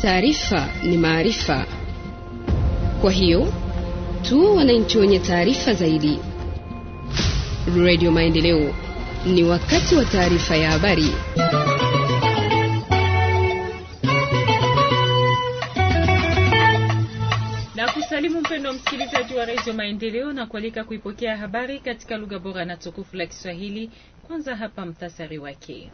Taarifa ni maarifa, kwa hiyo tu wananchi wenye taarifa zaidi. Radio Maendeleo, ni wakati wa taarifa ya habari. Nakusalimu mpendo msikilizaji wa Radio Maendeleo na kualika kuipokea habari katika lugha bora na tukufu la Kiswahili. Kwanza hapa mtasari wake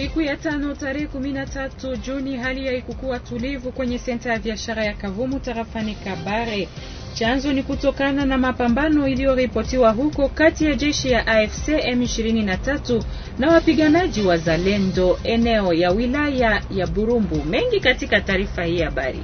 Siku ya tano tarehe kumi na tatu Juni, hali haikukuwa tulivu kwenye senta ya biashara ya Kavumu tarafani Kabare. Chanzo ni kutokana na mapambano iliyoripotiwa huko kati ya jeshi ya AFC M23 na wapiganaji wa Zalendo eneo ya wilaya ya Burumbu. Mengi katika taarifa hii habari.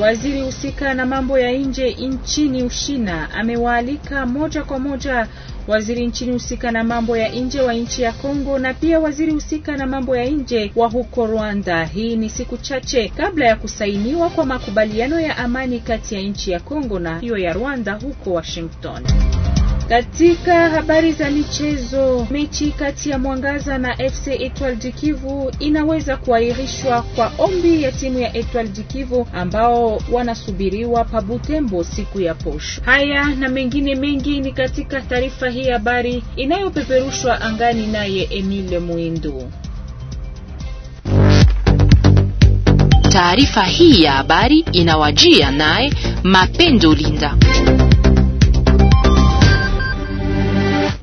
Waziri husika na mambo ya nje nchini Ushina amewaalika moja kwa moja waziri nchini husika na mambo ya nje wa nchi ya Kongo na pia waziri husika na mambo ya nje wa huko Rwanda. Hii ni siku chache kabla ya kusainiwa kwa makubaliano ya amani kati ya nchi ya Kongo na hiyo ya Rwanda huko Washington. Katika habari za michezo, mechi kati ya Mwangaza na FC Etoile du Kivu inaweza kuahirishwa kwa ombi ya timu ya Etoile du Kivu ambao wanasubiriwa pa Butembo siku ya posho. Haya na mengine mengi ni katika taarifa hii habari inayopeperushwa angani naye Emile Mwindu. Taarifa hii ya habari inawajia naye Mapendo Linda.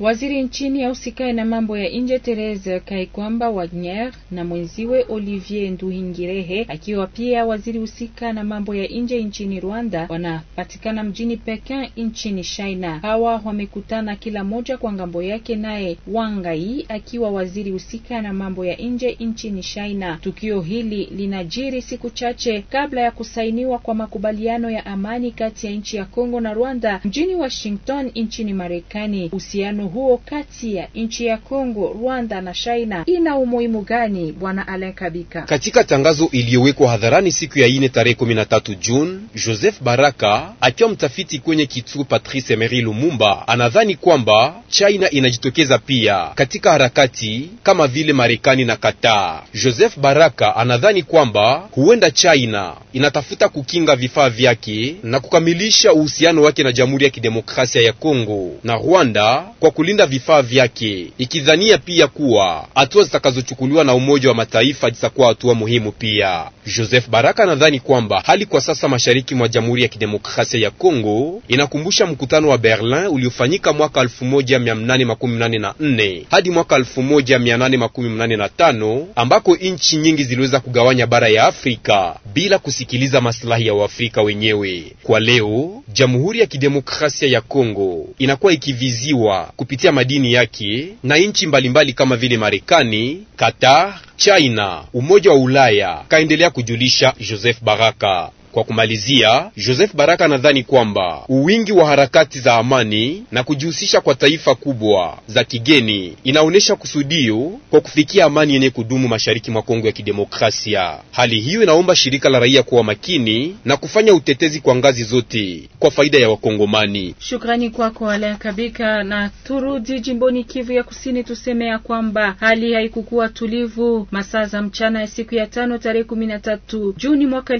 Waziri nchini ausikae na mambo ya nje Therese Kaikwamba Wagner na mwenziwe Olivier Nduhingirehe, akiwa pia waziri husika na mambo ya nje nchini Rwanda, wanapatikana mjini Pekin nchini China. Hawa wamekutana kila moja kwa ngambo yake, naye Wangai akiwa waziri husika na mambo ya nje nchini China. Tukio hili linajiri siku chache kabla ya kusainiwa kwa makubaliano ya amani kati ya nchi ya Kongo na Rwanda mjini Washington nchini Marekani. Uhusiano huo kati ya nchi ya Kongo, Rwanda na China ina umuhimu gani, Bwana Alain Kabika? Katika tangazo iliyowekwa hadharani siku ya ine tarehe 13 June, Joseph Baraka akiwa mtafiti kwenye kituo Patrice Emery Lumumba anadhani kwamba China inajitokeza pia katika harakati kama vile Marekani na Qatar. Joseph Baraka anadhani kwamba huenda China inatafuta kukinga vifaa vyake na kukamilisha uhusiano wake na Jamhuri ya Kidemokrasia ya Kongo na Rwanda kwa kulinda vifaa vyake, ikidhania pia kuwa hatua zitakazochukuliwa na Umoja wa Mataifa zitakuwa hatua muhimu. Pia Joseph Baraka anadhani kwamba hali kwa sasa mashariki mwa Jamhuri ya Kidemokrasia ya Kongo inakumbusha mkutano wa Berlin uliofanyika mwaka 1884 hadi mwaka 1885 ambako nchi nyingi ziliweza kugawanya bara ya Afrika bila kusikiliza maslahi ya Waafrika wenyewe. Kwa leo Jamhuri ya Kidemokrasia ya Kongo inakuwa ikiviziwa kupitia madini yake na nchi mbalimbali kama vile Marekani, Qatar, China, Umoja wa Ulaya, kaendelea kujulisha Joseph Baraka. Kwa kumalizia, Joseph Baraka anadhani kwamba uwingi wa harakati za amani na kujihusisha kwa taifa kubwa za kigeni inaonyesha kusudio kwa kufikia amani yenye kudumu mashariki mwa Kongo ya Kidemokrasia. Hali hiyo inaomba shirika la raia kuwa makini na kufanya utetezi kwa ngazi zote kwa faida ya Wakongomani. Shukrani kwako Alain Kabika. Na turudi jimboni Kivu ya Kusini, tuseme ya kwamba hali haikukuwa tulivu masaa za mchana ya siku ya tano tarehe 13 Juni mwaka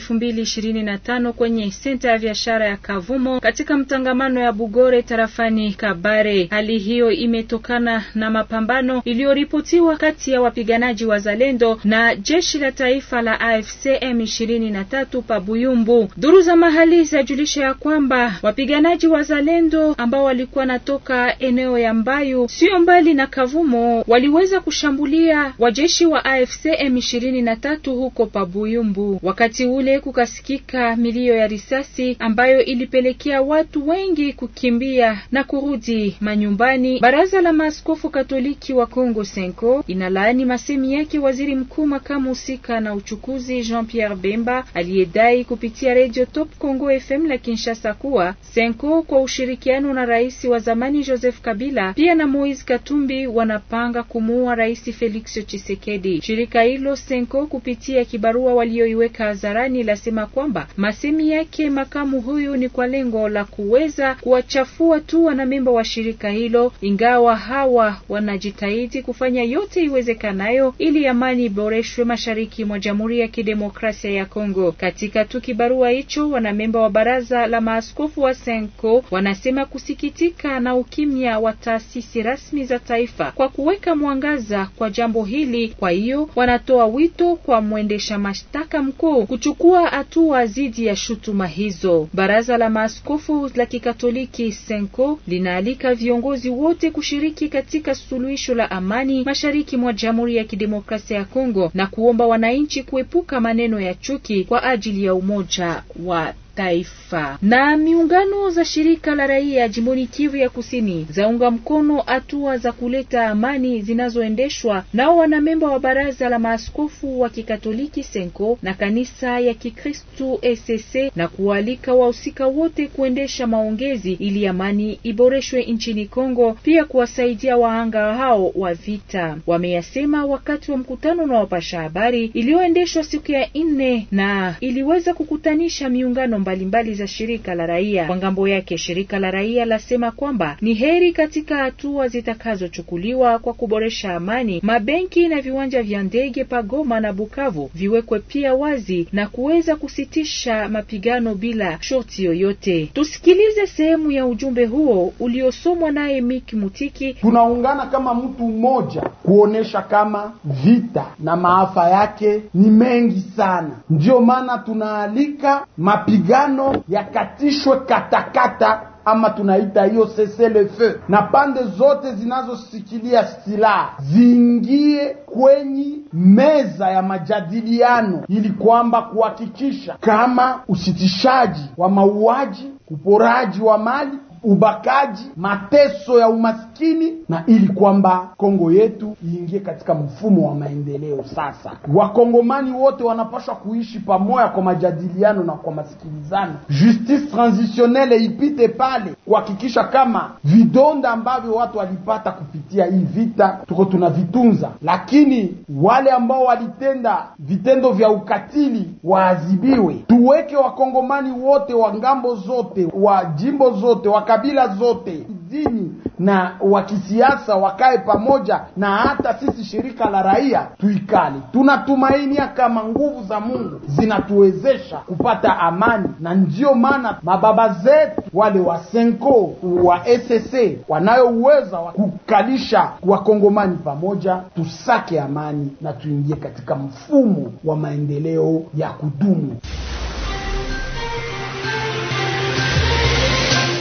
15 kwenye senta ya biashara ya Kavumo katika mtangamano ya Bugore tarafani Kabare. Hali hiyo imetokana na mapambano iliyoripotiwa kati ya wapiganaji wa zalendo na jeshi la taifa la AFC M23 pa Buyumbu. Duru za mahali zajulisha ya kwamba wapiganaji wa zalendo ambao walikuwa natoka eneo ya Mbayu sio mbali na Kavumo waliweza kushambulia wajeshi wa AFC M23 huko pa Buyumbu. Wakati ule kukasikika katika milio ya risasi ambayo ilipelekea watu wengi kukimbia na kurudi manyumbani. Baraza la Maaskofu Katoliki wa Kongo Senko inalaani masemi yake waziri mkuu makamu husika na uchukuzi Jean Pierre Bemba aliyedai kupitia Radio Top Congo FM la Kinshasa kuwa Senko kwa ushirikiano na rais wa zamani Joseph Kabila pia na Moise Katumbi wanapanga kumuua rais Felix Tshisekedi. Shirika hilo Senko kupitia kibarua walioiweka hadharani lasema kwamba Masemi yake makamu huyu ni kwa lengo la kuweza kuwachafua tu wanamemba wa shirika hilo, ingawa hawa wanajitahidi kufanya yote iwezekanayo ili amani iboreshwe mashariki mwa Jamhuri ya Kidemokrasia ya Kongo. Katika tu kibarua hicho, wanamemba wa baraza la maaskofu wa Senko wanasema kusikitika na ukimya wa taasisi rasmi za taifa kwa kuweka mwangaza kwa jambo hili. Kwa hiyo wanatoa wito kwa mwendesha mashtaka mkuu kuchukua hatua dhidi ya shutuma hizo. Baraza la maaskofu la Kikatoliki Senko linaalika viongozi wote kushiriki katika suluhisho la amani mashariki mwa Jamhuri ya Kidemokrasia ya Kongo na kuomba wananchi kuepuka maneno ya chuki kwa ajili ya umoja wa taifa. Na miungano za shirika la raia jimboni Kivu ya Kusini zaunga mkono hatua za kuleta amani zinazoendeshwa nao wanamemba wa baraza la maaskofu wa Kikatoliki Senko na kanisa ya Kikristu SSC na kualika wahusika wote kuendesha maongezi ili amani iboreshwe nchini Kongo, pia kuwasaidia wahanga hao wa vita. Wameyasema wakati wa mkutano na wapasha habari iliyoendeshwa siku ya nne na iliweza kukutanisha miungano mbalimbali mbali za shirika la raia. Kwa ngambo yake, shirika la raia lasema kwamba ni heri katika hatua zitakazochukuliwa kwa kuboresha amani, mabenki na viwanja vya ndege pa Goma na Bukavu viwekwe pia wazi na kuweza kusitisha mapigano bila shoti yoyote. Tusikilize sehemu ya ujumbe huo uliosomwa naye Miki Mutiki. Tunaungana kama mtu mmoja kuonesha kama vita na maafa yake ni mengi sana, ndiyo maana tunaalika mapigano mapigano yakatishwe katakata ama tunaita hiyo cesse le feu, na pande zote zinazosikilia silaha ziingie kwenye meza ya majadiliano, ili kwamba kuhakikisha kama usitishaji wa mauaji, uporaji wa mali ubakaji, mateso ya umaskini, na ili kwamba Kongo yetu iingie katika mfumo wa maendeleo. Sasa wakongomani wote wanapaswa kuishi pamoja kwa majadiliano na kwa masikilizano, justice transitionnelle ipite pale kuhakikisha kama vidonda ambavyo watu walipata kupitia hii vita tuko tunavitunza, lakini wale ambao walitenda vitendo vya ukatili waadhibiwe. Tuweke wakongomani wote wa ngambo zote wa jimbo zote wa kabila zote dini na wa kisiasa wakae pamoja, na hata sisi shirika la raia tuikali. Tunatumainia kama nguvu za Mungu zinatuwezesha kupata amani, na ndio maana mababa zetu wale wa Senko wa SSA wanayo uweza wa kukalisha wakongomani pamoja, tusake amani na tuingie katika mfumo wa maendeleo ya kudumu.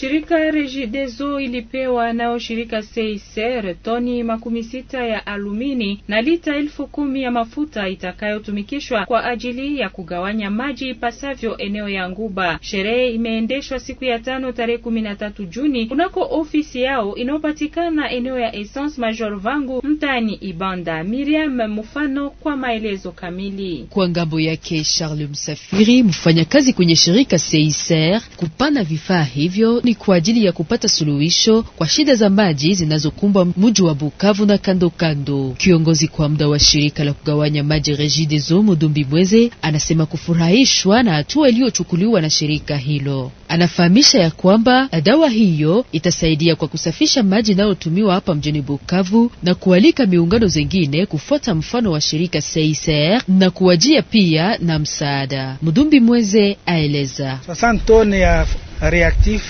Shirika Regideso ilipewa nao shirika Seiser toni makumi sita ya alumini na lita elfu kumi ya mafuta itakayotumikishwa kwa ajili ya kugawanya maji ipasavyo eneo ya Nguba. Sherehe imeendeshwa siku ya tano tarehe kumi na tatu Juni kunako ofisi yao inayopatikana eneo ya Essence Major Vangu mtaani Ibanda. Miriam Mufano kwa maelezo kamili. Kwa ngambo yake Charles Msafiri, mfanyakazi kwenye shirika Seiser, kupana vifaa hivyo ni kwa ajili ya kupata suluhisho kwa shida za maji zinazokumbwa mji wa Bukavu na kando kando. Kiongozi kwa muda wa shirika la kugawanya maji Regideso Mudumbi Mweze anasema kufurahishwa na hatua iliyochukuliwa na shirika hilo. Anafahamisha ya kwamba dawa hiyo itasaidia kwa kusafisha maji inayotumiwa hapa mjini Bukavu na kualika miungano zingine kufuata mfano wa shirika CICR na kuwajia pia na msaada. Mudumbi Mweze aeleza sasa tone ya reactif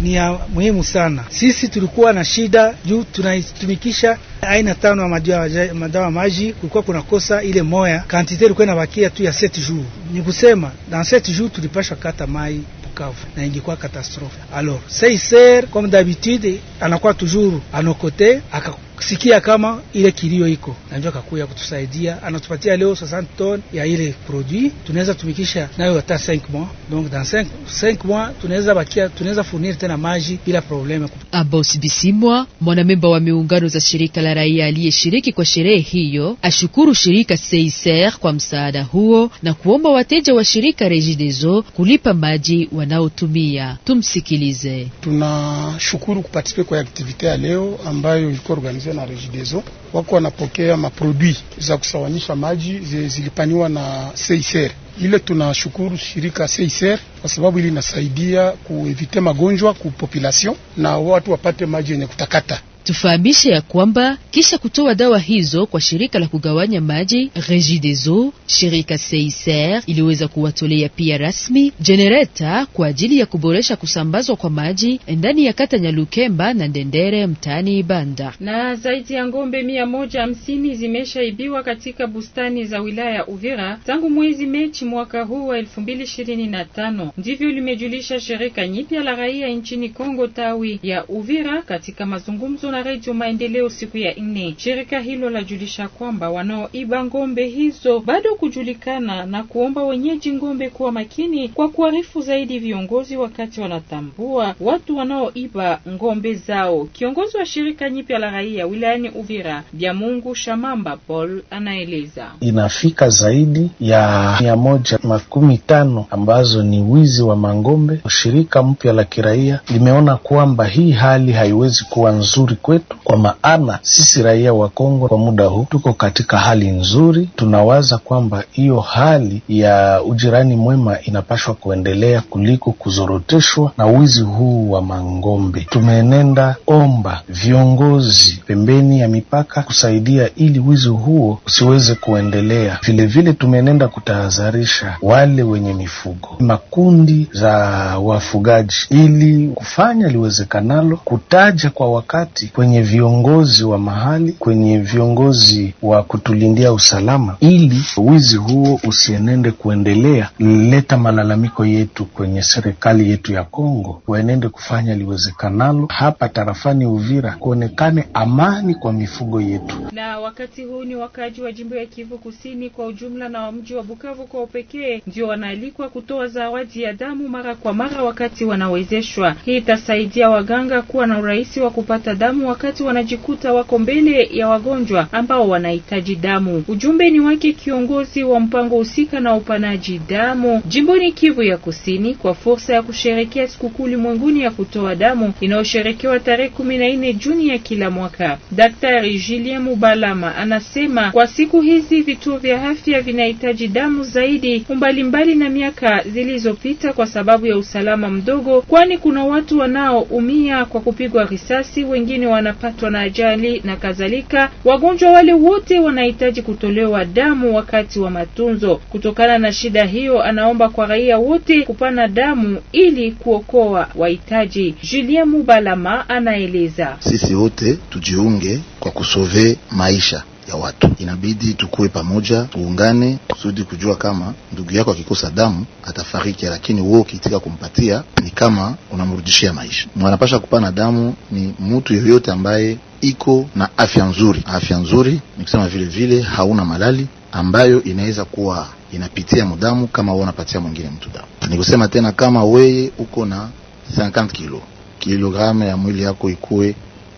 ni ya muhimu sana. Sisi tulikuwa na shida juu tunaitumikisha aina tano ya madawa maji, kulikuwa kuna kosa ile moya kantite ilikuwa inabakia tu ya 7 jours, ni kusema dans 7 jours tulipasha kata mai Bukavu na ingekuwa katastrofe. Alors seiser comme d'habitude anakuwa toujours anokote aka kusikia kama ile kilio iko na ndio akakuya kutusaidia, anatupatia leo 60 ton ya ile produit, tunaweza tumikisha nayo hata 5 mois. Donc dans 5 5 mois tunaweza bakia, tunaweza funir tena maji bila probleme. Abos Bisimwa, mwanamemba wa miungano za shirika la raia aliyeshiriki kwa sherehe hiyo, ashukuru shirika Seiser kwa msaada huo na kuomba wateja wa shirika Regideso kulipa maji wanaotumia. Tumsikilize. Tunashukuru kuparticipe kwa aktivite ya leo ambayo ilikuwa organized organize na Regideso wako wanapokea maprodui za kusawanisha maji zilipaniwa na CICR. Ile tunashukuru shirika CICR kwa sababu ili inasaidia kuevite magonjwa ku population na watu wapate maji yenye kutakata. Tufahamishe ya kwamba kisha kutoa dawa hizo kwa shirika la kugawanya maji Regideso, shirika Seiser iliweza kuwatolea pia rasmi jenereta kwa ajili ya kuboresha kusambazwa kwa maji ndani ya kata Nyalukemba na Ndendere mtaani Ibanda. Na zaidi ya ngombe mia moja hamsini zimeshaibiwa katika bustani za wilaya ya Uvira tangu mwezi Mechi mwaka huu wa elfu mbili ishirini na tano. Ndivyo limejulisha shirika nyipya la raia nchini Kongo tawi ya Uvira katika mazungumzo la Redio Maendeleo siku ya nne, shirika hilo lajulisha kwamba wanaoiba ngombe hizo bado kujulikana na kuomba wenyeji ngombe kuwa makini kwa kuarifu zaidi viongozi wakati wanatambua watu wanaoiba ngombe zao. Kiongozi wa shirika nyipya la raia wilayani Uvira, vya mungu Shamamba Paul, anaeleza inafika zaidi ya mia moja makumi tano ambazo ni wizi wa mangombe. Shirika mpya la kiraia limeona kwamba hii hali haiwezi kuwa nzuri kwetu, kwa maana sisi raia wa Kongo kwa muda huu tuko katika hali nzuri. Tunawaza kwamba hiyo hali ya ujirani mwema inapashwa kuendelea kuliko kuzoroteshwa na wizi huu wa mangombe. Tumenenda omba viongozi pembeni ya mipaka kusaidia ili wizi huo usiweze kuendelea. Vilevile tumenenda kutahadharisha wale wenye mifugo, makundi za wafugaji, ili kufanya liwezekanalo kutaja kwa wakati kwenye viongozi wa mahali, kwenye viongozi wa kutulindia usalama, ili wizi huo usienende kuendelea. Leta malalamiko yetu kwenye serikali yetu ya Kongo, waenende kufanya liwezekanalo hapa tarafani Uvira, kuonekane amani kwa mifugo yetu. Na wakati huu ni wakaaji wa jimbo ya Kivu Kusini kwa ujumla na wa mji wa Bukavu kwa upekee ndio wanaalikwa kutoa zawadi ya damu mara kwa mara wakati wanawezeshwa. Hii itasaidia waganga kuwa na urahisi wa kupata damu damu wakati wanajikuta wako mbele ya wagonjwa ambao wanahitaji damu. Ujumbe ni wake kiongozi wa mpango husika na upanaji damu jimboni Kivu ya Kusini kwa fursa ya kusherekea sikukuu ulimwenguni ya kutoa damu inayosherekewa tarehe kumi na nne Juni ya kila mwaka. Daktari Julien Mubalama anasema kwa siku hizi vituo vya afya vinahitaji damu zaidi umbalimbali na miaka zilizopita kwa sababu ya usalama mdogo, kwani kuna watu wanaoumia kwa kupigwa risasi, wengine wengine wanapatwa na ajali na kadhalika. Wagonjwa wale wote wanahitaji kutolewa damu wakati wa matunzo. Kutokana na shida hiyo, anaomba kwa raia wote kupana damu ili kuokoa wahitaji. Julien Mubalama anaeleza, sisi wote tujiunge kwa kusove maisha ya watu. Inabidi tukuwe pamoja, tuungane kusudi kujua kama ndugu yako akikosa damu atafariki, lakini wewe ukiitika kumpatia ni kama unamrudishia maisha. Mwanapasha kupana damu ni mtu yoyote ambaye iko na afya nzuri. Afya nzuri ni kusema vile vile hauna malali ambayo inaweza kuwa inapitia mudamu kama wewe unapatia mwingine mtu damu. Ni kusema tena kama weye uko na 50 kilo kilogramu ya mwili yako ikuwe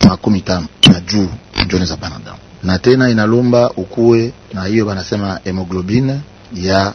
makumi tano na juu, ndio unaweza pana damu na tena inalomba ukuwe na hiyo banasema hemoglobine ya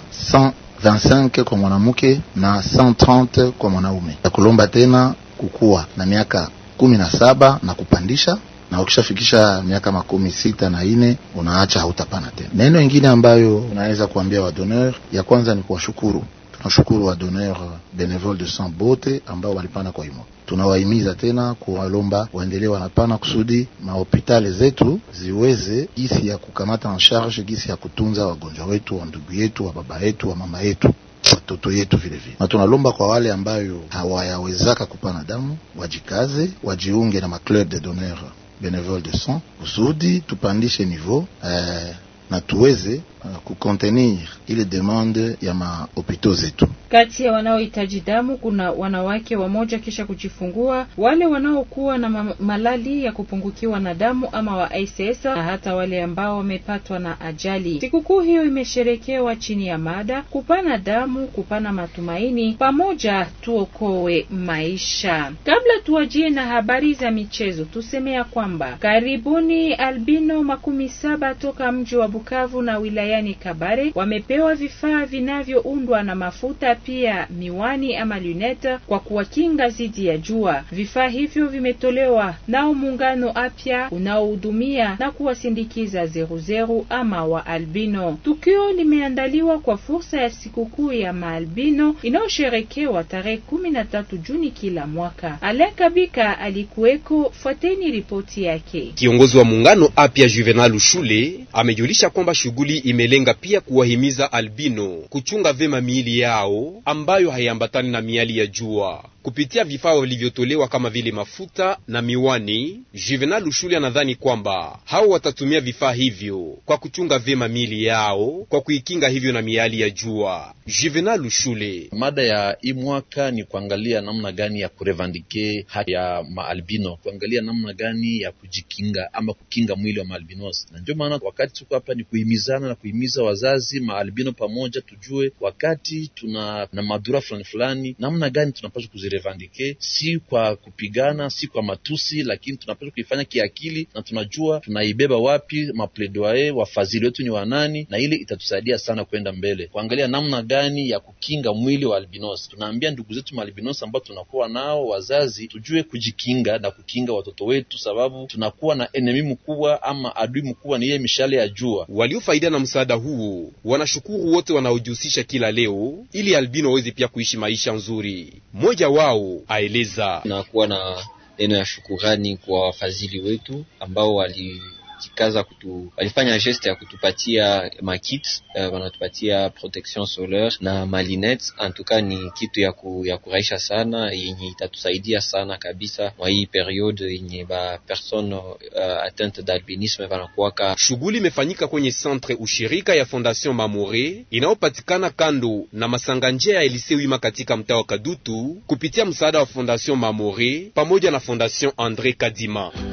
125 kwa mwanamke na 130 kwa mwanaume. Ya kulomba tena kukua na miaka kumi na saba na kupandisha na ukishafikisha miaka makumi sita na ine unaacha hautapana tena. Neno ingine ambayo unaweza kuambia donor ya kwanza ni kuwashukuru tunashukuru wa donor euh, benevole de sang bote ambao walipana kwa imo. Tunawahimiza tena kuwalomba waendelee wanapana kusudi mahopitale zetu ziweze gisi ya kukamata en charge, gisi ya kutunza wagonjwa wetu, wa ndugu yetu, wa baba yetu, wa mama yetu watoto yetu vile vile, na tunalomba kwa wale ambayo hawayawezaka kupana damu wajikaze, wajiunge na maclub de donneur bénévole de sang kusudi tupandishe niveau eh, na tuweze Euh, kucontenir ile demande ya mahopitau zetu. Kati ya wanaohitaji damu kuna wanawake wamoja kisha kujifungua, wale wanaokuwa na malali ya kupungukiwa na damu ama wa ICS na hata wale ambao wamepatwa na ajali. Sikukuu hiyo imesherekewa chini ya mada kupana damu, kupana matumaini, pamoja tuokoe maisha. Kabla tuwajie na habari za michezo, tusemea kwamba karibuni albino makumi saba toka mji wa Bukavu na wilaya wilayani Kabare wamepewa vifaa vinavyoundwa na mafuta, pia miwani ama luneta kwa kuwakinga dhidi ya jua. Vifaa hivyo vimetolewa nao muungano apya unaohudumia na kuwasindikiza zeruzeru ama wa albino. Tukio limeandaliwa kwa fursa ya sikukuu ya maalbino inayosherekewa tarehe kumi na tatu Juni kila mwaka. Alain Kabika alikuweko, fuateni ripoti yake. Kiongozi wa muungano apya Juvenal Ushule amejulisha kwamba shughuli ime imelenga pia kuwahimiza albino kuchunga vema miili yao ambayo haiambatani na miali ya jua kupitia vifaa vilivyotolewa kama vile mafuta na miwani. Juvenal Ushuli anadhani kwamba hao watatumia vifaa hivyo kwa kuchunga vyema miili yao kwa kuikinga hivyo na miali ya jua. Juvenal Ushule: mada ya hii mwaka ni kuangalia namna gani ya kurevandike haki ya maalbino, kuangalia namna gani ya kujikinga ama kukinga mwili wa maalbinos, na ndio maana wakati tuko hapa ni kuhimizana na kuhimiza wazazi maalbino pamoja, tujue wakati tuna na madhara fulani fulani, namna gani tunapaswa kuirevandike, si kwa kupigana, si kwa matusi, lakini tunapaswa kuifanya kiakili, na tunajua tunaibeba wapi, mapledoaye wafadhili wetu ni wanani, na ile itatusaidia sana kwenda mbele, kuangalia namna gani ya kukinga mwili wa albinos. Tunaambia ndugu zetu maalbinos ambao tunakuwa nao, wazazi, tujue kujikinga na kukinga watoto wetu, sababu tunakuwa na enemi mkubwa ama adui mkubwa ni ile mishale ya jua. waliofaidia na msaada huu wanashukuru wote wanaojihusisha kila leo, ili albino waweze pia kuishi maisha nzuri. Mmoja wa wao aeleza na kuwa na neno ya shukurani kwa wafadhili wetu ambao wali walijikaza kutu, walifanya geste ya kutupatia makit uh, wanatupatia protection solaire na malinet. Antuka ni kitu ya, ku, ya kurahisha sana yenye itatusaidia sana kabisa mwa hii periode yenye ba persone uh, atteinte d'albinisme wanakuwaka. Shughuli imefanyika kwenye centre ushirika ya Fondation Mamore inayopatikana kando na masanga njia ya Elisee Wima katika mtaa wa Kadutu kupitia msaada wa Fondation Mamore pamoja na Fondation andré Kadima.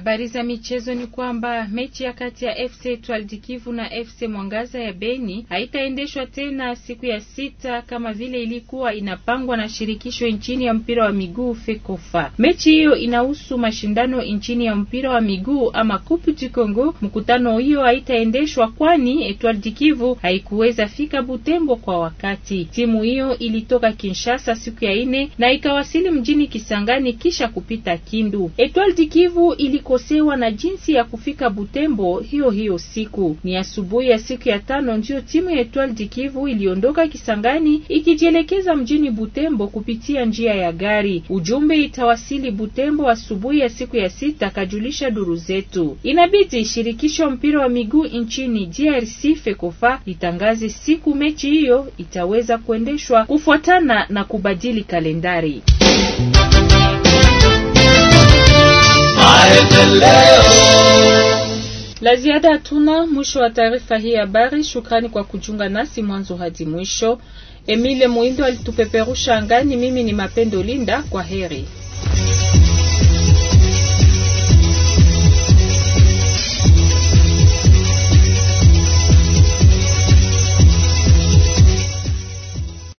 Habari za michezo ni kwamba mechi ya kati ya FC Twaldikivu na FC Mwangaza ya Beni haitaendeshwa tena siku ya sita kama vile ilikuwa inapangwa na shirikisho nchini ya mpira wa miguu FEKOFA. Mechi hiyo inahusu mashindano nchini ya mpira wa miguu ama Coupe du Congo. Mkutano hiyo haitaendeshwa kwani Etoile du Kivu haikuweza fika Butembo kwa wakati. Timu hiyo ilitoka Kinshasa siku ya ine na ikawasili mjini Kisangani kisha kupita Kindu. Etoile du Kivu ili waliokosewa na jinsi ya kufika Butembo hiyo hiyo siku. Ni asubuhi ya siku ya tano ndiyo timu ya Etoile du Kivu iliondoka Kisangani ikijielekeza mjini Butembo kupitia njia ya gari. Ujumbe itawasili Butembo asubuhi ya siku ya sita, kajulisha duru zetu. Inabidi shirikisho mpira wa miguu nchini DRC Fekofa litangaze siku mechi hiyo itaweza kuendeshwa kufuatana na kubadili kalendari. La ziada hatuna. Mwisho wa taarifa hii habari. Shukrani kwa kujiunga nasi mwanzo hadi mwisho. Emile Muindo alitupeperusha angani. Mimi ni Mapendo Linda, kwa heri.